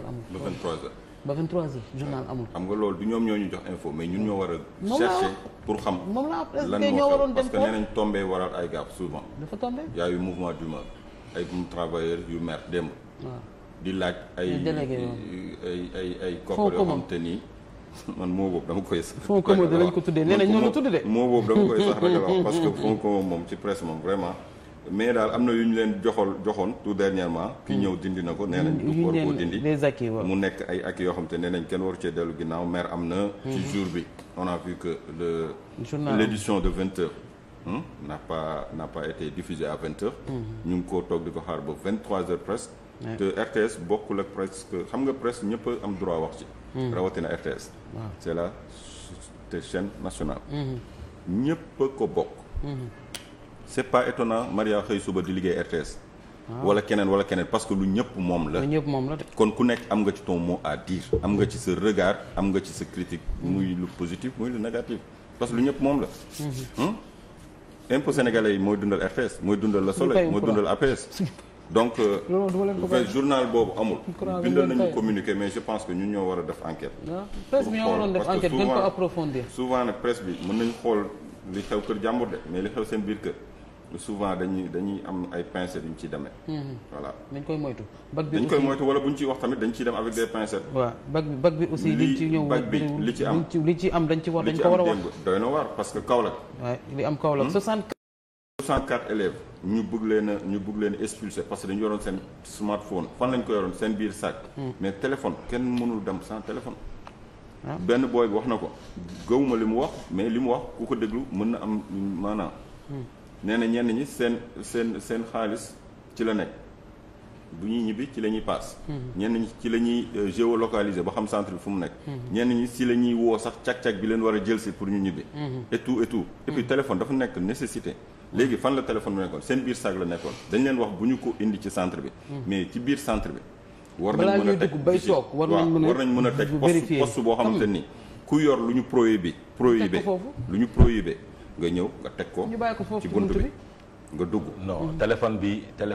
vingt heures amul. ba vingt trois heures ba vingt trois heures journal amul. xam nga loolu du ñoom ñoo ñu jox info mais ñun ñoo war a. chercher pour xam. moom la lan moo parce que nee nañ tombé waral ay gaaf souvent. dafa tombé y a eu mouvement d'humeur ay travailleurs yu mer démb. di laaj ay ay ay ay koppar nii. man moo boobu dama koy sax. fonds commun dinañ ko tuddee nee nañ noonu la tuddee. moo boobu dama koy sax ragal wax parce que moom ci presse moom vraiment. mais daal am na yu ñu leen joxoon joxoon tout dernièrement. ki hmm. ñëw dindi na ko nee nañ. du war koo dindi mu nekk ay ak yoo xam te nee nañ kenn waru cee dellu ginnaaw maire am na. Hmm. ci jour bi on a vu que le. journal l'édition de vingt heures. Hmm, n'a n'a pas été diffusée à vingt ñu ngi koo toog di ko xaar ba vingt trois heures presque. te RTS bokkul ak presque xam nga presque ñëpp am droit wax ci. rawatina RTS. c'est la chaîne nationale. ñëpp ko bokk. c' est pas étonnant Maria xëy suba di liggéey RTS. Ah. wala keneen wala keneen parce que lu ñëpp moom la. ñëpp moom la kon ku nekk am nga ci ton mot à dire am nga ci sa regard am nga ci sa critique mm-hmm. muy lu positif muy lu négatif parce que lu ñëpp moom la. Mm-hmm. Hmm? impôt sénégalais yi mooy dundal RTS mooy dundal la Soleil mooy dundal APS. donc euh, journal boobu amul. bindal nañu communiqué mais je pense que ñu ñoo war a def enquête. Ah, presse bi ñoo waroon def enquête gën ko approfondir. bi mën nañu xool li xew kër jàmbur mais li xew seen biir souvent dañuy dañuy am ay pincettes yu ñu ciy demee. Mhm. voilà dañ koy moytu. bac bi dañ koy moytu wala bu ñu ciy wax tamit dañ ciy dem avec des pincettes. waaw bac bi aussi. liñ ci ñëw bac bi li ci am li ci am dañ ci wax dañ ko war a wax doy na waar parce que Kaolack. waaw li am Kaolack 64. Hmm? 64 élèves ñu bugg leen a ñu bëgg leen expulsé parce que dañu yoroon seen smartphone fan lañ ko yoroon seen biir sac. Hmm. mais téléphone kenn mënul dem sans téléphone. Ah. benn booy bi wax na ko gëwuma li mu wax mais li mu wax ku ko déglu mën na am maanaam. Hmm. nee na ñenn ñi seen seen seen xaalis ci la nekk bu ñuy ñibbi ci la ñuy paas. Hmm. ñenn ñi ci la ñuy euh, géolocaliser ba xam centre bi fu mu nekk. Hmm. ñenn ñi ci la ñuy woo sax cag-cag bi leen war a jël si pour ñu ñibbi. Hmm. et tout et tout et puis téléphone dafa nekk nécessité. léegi fan la téléphone bi nekkoon seen biir saag la nekkoon dañ leen wax bu ñu ko indi ci centre bi. mais ci biir centre bi. war nañ mën a teg war nañ mën a teg poste poste boo xamante ni ku yor lu ñu prohibé. prohibé lu ñu prohibé. nga ñëw nga teg ko. ñu bàyyi ko foofu ci bunt bi nga dugg. non téléphone bi téléphone.